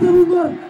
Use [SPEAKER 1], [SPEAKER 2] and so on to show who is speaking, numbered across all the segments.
[SPEAKER 1] Mr. Uber.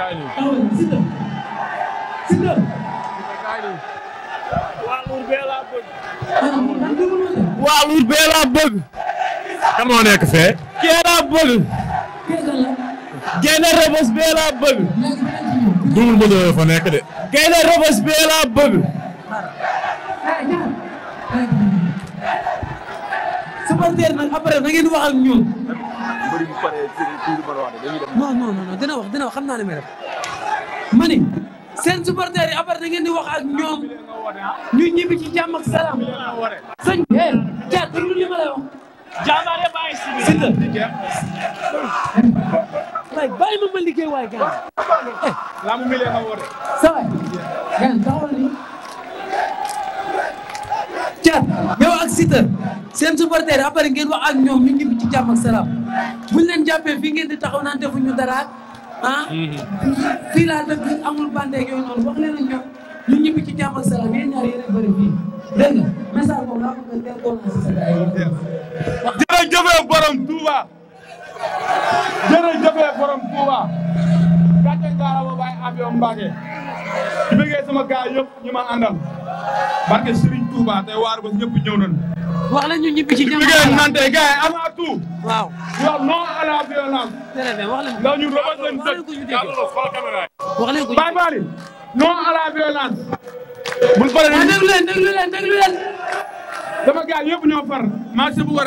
[SPEAKER 2] kaay nii Siteu Siteu kaay nii waa luur bee laa bëgg ah, waa luur bee laa bëgg kan moo nekk fee kee laa bëgg gaynde Rebeuss bee laa bëgg duul ma doon fa nekk de gaynde Rebeuss bee laa bëgg supporter nag après na ngeen wax ak ñun sëriñ bu paree sëriñ bu wax dina wax dina wax xam naa ne may def ma ni seen supporters yi ngeen di wax ak ñoom ñu ñibbi ci jàmm ak salaam. sëñ bi Dia eh, déglu li ma lay wax. jaabaare bàyyi ngeen wax ak ñoom ñu ñibbi ci jàmm ak salaam. buñ leen jàppee fii ngeen di taxaw naan defuñu dara ah. fii laa dëkk amul bandeeg yooyu noonu wax leen ñoom ñu ñibbi ci jàmm ak salaam ñaar yéen a fii dégg nga message boobu laa ko gën borom Touba. jërëjëfee borom Touba gàcce ngaarama baay Abiyo Mbacke di bëggee sama gaay yëpp ñu ma àndal barke Serigne Touba tey waar ba ñëpp ñëw nañu wax ñu ñibbi ci jàmm liggéey nante gars yi avant tout waaw waaw non ñu wax leen ko ñu dégg wax baali non à la violence bu paree na déglu leen déglu leen déglu leen sama gaay yëpp ñoo far maa si bu war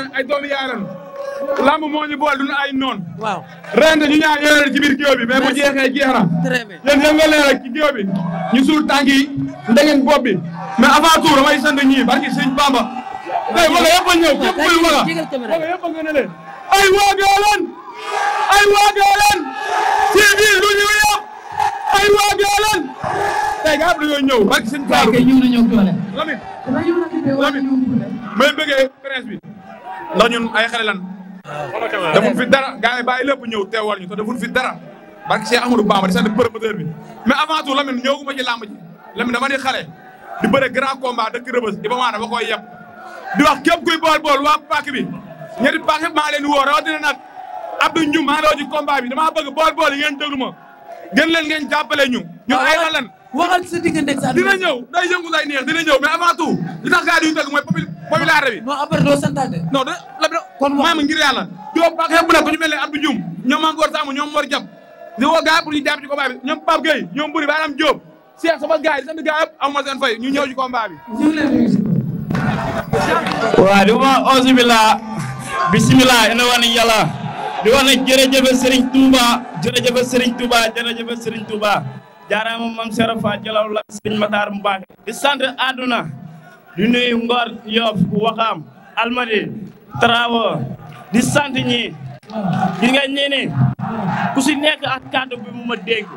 [SPEAKER 2] lamb moo ñu boole duñu ay noon waaw ren ñu ñaar yore ci biir géew bi mais bu jeexee jeex na yéen yëngalee rek ci géew bi ñu suul tànk yi ndegeen bopp bi mais avant tout damay sant ñii barki sëñ Bamba tey wala yëpp a ñëw képp kuy wala wala yëpp a nga ne leen ay waagee leen ay ñu yëpp ay waagee leen tey gaa dañoo ñëw barki sëñ Bamba kay ñëw na ñëw doole Lamine Lamine may bëggee bi ndax ñun ay xale lan defuñ fi dara gars yi bàyyi lépp ñëw teewal ñu te defuñ fi dara barke Cheikh Amadou Bamba di sant promoteur bi mais a tout Lamine ñëwaguma ci làmb ji Lamine dama di xale di bëre grand combat dëkk Rëbës Iba Mar dama koy yeb di wax képp kuy bool bool waa pàkk bi ñetti pàkk maa leen woo rawatina nag Abdou Ndioum maa ngi doon ci bi damaa bëgg bool bool yi ngeen déglu ma gën leen ngeen jàppale ñu ñun ay lan lan waxal sa digganteeg sa dina ñëw day yëngu lay neex dina ñëw mais avant tout li tax gars yi duñu tëgg mooy popul popularité bi maam ngir yàlla Diop ak xepp na ko ñu mel ne Abdou Dioum ñoom maam Gor Samb ñoom Mor Diab di woo gars yi pour ñu jàpp ci combat bi ñoom Pape Gueye ñoom Buri di sant gars yëpp am ma seen fay ñu ñëw ci combat bi waaw di ma auzu billah bismillah ina wani yàlla di wax ne jërëjëf Serigne Touba jërëjëf jaaraama mam sero fa jalaw la sëñ mataar Mbacke di sant àdduna di nuyu Ngor Yoff Waxaam Almadi Travo di sant ñi ñi ñini ku si nekk ak bi mu ma dégg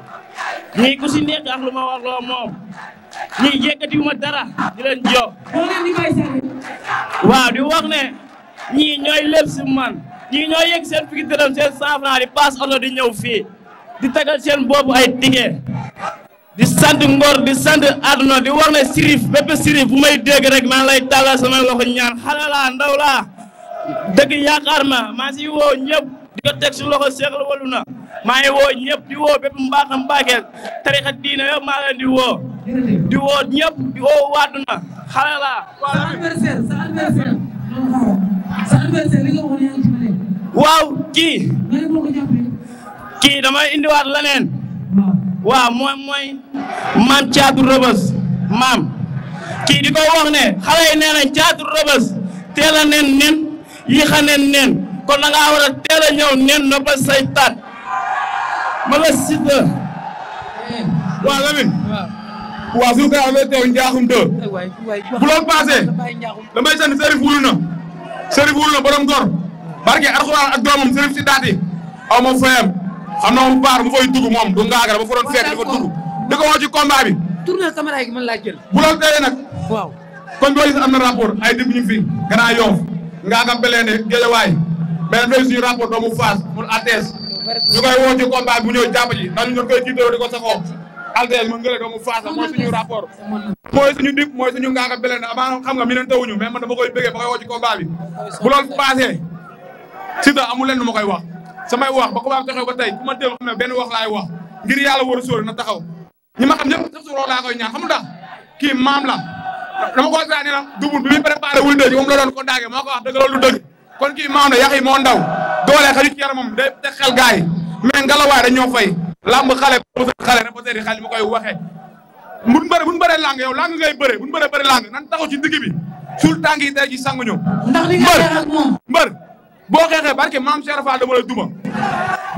[SPEAKER 2] ñii ku si nekk ak lu ma wax loo moom ñii yëkkati ma dara di leen waaw di wax ne ñii ñooy lépp si man ñii ñooy yëg seen fukki dërëm seen saafara di paas oto di ñëw fii di tagal seen boobu ay tige di sant ngor di sant àdduna di war ne sirif bépp sirif bu may dégg rek maa ngi lay tàllal samay loxo ñaan xale laa ndaw laa dëgg yaakaar ma maa si woo ñëpp di ko teg loxo seexal walu na maa ngi woo ñëpp di woo bépp mbaaxam mbaaxeel tarixa diina yëpp maa leen di woo di di woo waaduna xale laa sa adversaire sa adversaire sa adversaire li nga waaw moom mooy maam caatu rëbës maam kii di ko ne xale yi caatu rëbës teel a nen nen yéexa nen nen kon da ngaa war ñëw nen noppal say ma la sita waaw Lamine waaw suñu koy amee teew njaaxum deux
[SPEAKER 1] bu loon passé damay sant Serif
[SPEAKER 2] wulu na Serif wulu na borom gor barke alxuraan ak doomam Serif si daati aw xam na moom baar mu fay dugg moom du ngaaga ba fa doon fekk di ko dugg di ko woo ci combat bi. tournel caméra yi mën laa am na rapport ay dib ñu fi. Grand Yoff ngaaga Bélène Guédiawaye mais doy suñu rapport doomu Fass pour Altesse ñu koy woo ci combat bi bu ñëw jàpp ji ndax ñu doon koy jiitaloo di ko saxoo Altesse mu ngële doomu Fass mooy suñu rapport. mooy suñu dib mooy suñu ngaaga Bélène amaana xam nga mi neen tawuñu mais man dama koy bëggee ba koy woo ci samay wax ba ko baax taxaw ba tey bu ma déglu xam ne benn wax laay wax ngir yàlla war a sóor na taxaw ñi ma xam ñëpp sax su laa koy ñaan maam la dama ko saa na la dubun bi muy préparé wul dëgg moom la doon ko daage moo ko wax dëgg loolu dëgg kon kii maam la yax yi moo ndaw doole xaju ci yaramam day te xel gars yi mais ngalawaay dañ ñoo fay làmb xale pose xale reposé yi ma koy waxee buñ bëre buñ bëree làng yow làng ngay bëre buñ bëree bëri làng nan taxaw ci digg bi suul tànk yi tey ji sanguñu mbër mbër boo xeexee barke maam Cheikh Fall dama la duma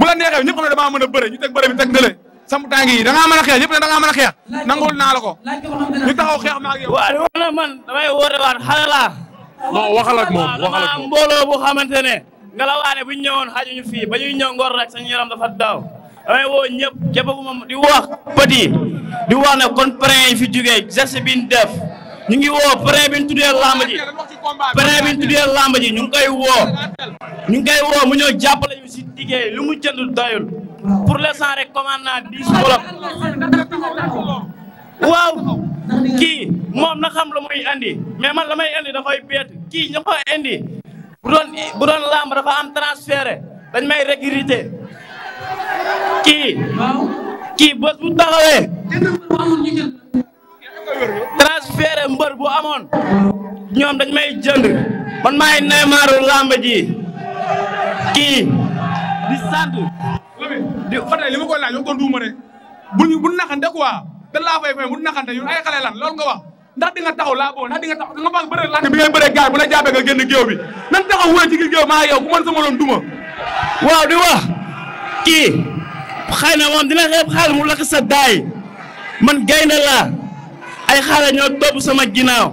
[SPEAKER 2] bu la neexee ñëpp xam ne damaa mën a bëre ñu teg bëre bi teg ndële sama tànk yi da ngaa mën a da ngaa mën a naa la ko ñu taxaw xeex ma ak yow waaw wax na man damay woote waat xale laa non waxal ak moom waxal moom mbooloo bu xamante ne nga la waane bu ñu ñëwoon xajuñu fii ba ñuy ñëw ngor rek sañu yaram dafa daaw damay woo ñëpp képp ku di wax petit di wax ne kon parrain yi fi jugee geste bi ñu def ñu ngi woo pare bi ñu tuddee làmb ji pare bi ñu tuddee làmb ji ñu ngi koy woo ñu ngi koy woo mu ñëw jàppale ñu si liggéey lu mu jënd doyul pour l'instant rek commande naa waaw kii moom na xam la muy andi mais man la may andi dafay beet kii ña ko andi bu bu doon làmb dafa am transféré dañ may recruter kii kii bés bu taxawee feere mbër bu amoon ñoom dañ may jënd man maay Neymaaru làmb ji kii di sant di Fadel li ma koy laaj ma ko duuma de buñu bu naxante quoi da laa fay fay bu naxante ñun ay xale lan loolu nga wax ndax di nga taxaw laa boo ndax di nga taxaw da nga baax bëre lànk bi ngay bëree gaay bu la jàppee nan taxaw wéy ci gi maa yow ku man sama loon duma waaw di wax kii xëy na moom dina xeeb xaalis mu lakk sa daay man gaynde laa ay xale ñoo topp sama ginnaaw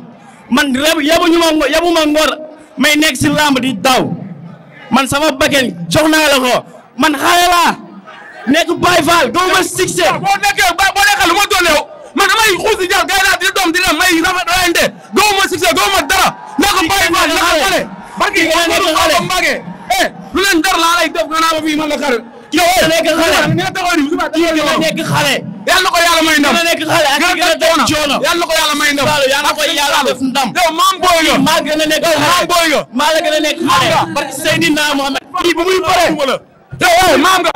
[SPEAKER 2] man rab yabuñu ma ma ngor may nekk si làmb di daw man sama bakken jox naa la ko man xale laa nekk Baye Fall doo ma succès. boo nekkee boo nekkee lu ma doon man damay xuusi jàll gay naa di di la may rafet rayante doo ma succès doo ma dara. nekk Baye Fall nekk xale eh, dara laa lay def nga ma fii nekk xale yàlla na ko yàlla may ndam yàlla na ko yàlla may ndam yàlla na ko yàlla def ndam yow maam booy nga maa gën a nekk maam booy nga maa la gën a nekk xale parce que Seydina Mohamed bu muy bëree yow maam nga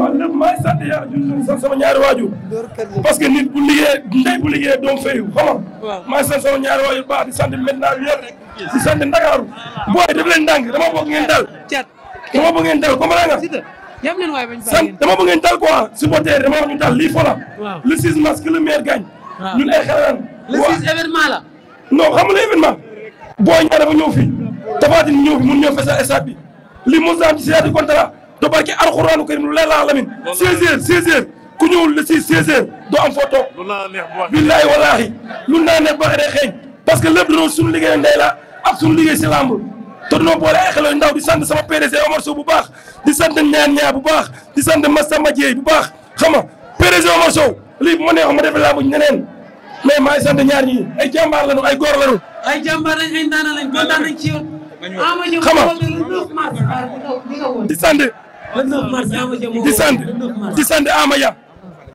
[SPEAKER 1] waaw nag maay sant yàlla julli sant sama ñaari waajur parce que nit bu liggéey ndey bu liggéey doom fayu maay sant ñaari waajur baax di sant maintenant bi yëpp di sant Ndakaaru booy def leen ndànk dama bëgg ngeen dal dama bëgg ngeen dal comprendre nga yam leen waay bañ sant dama bëgg ngeen dal quoi supporter dama bëgg ñu dal lii fola le 6 mars que le maire gagne ñun le 6 événement la non xam nga événement booy ñaar dafa ñëw fi dafa di ñëw mun ñëw fesal stade bi li mos am ci seeti do barki alxuraanu karim lu leer laa lamin seize heures ku ñëwul le six seize doo am foo toog billaahi lu naa neex boo xee xeeñ parce que lépp danoo suñu liggéey ndey la ak suñu liggéey si lamb te danoo boole ay xale yu ndaw di sant sama PDC Omar Sow bu baax di sant ñaan ñaa bu baax di sant Massamba Dieye bu baax xam nga PDC Omar Sow lii bu ma neexoon ma defee laa buñ ñeneen mais maa ngi ñaar ñi ay jàmbaar lañu ay ay jàmbaar lañ ay di di sant di sant Ama Dia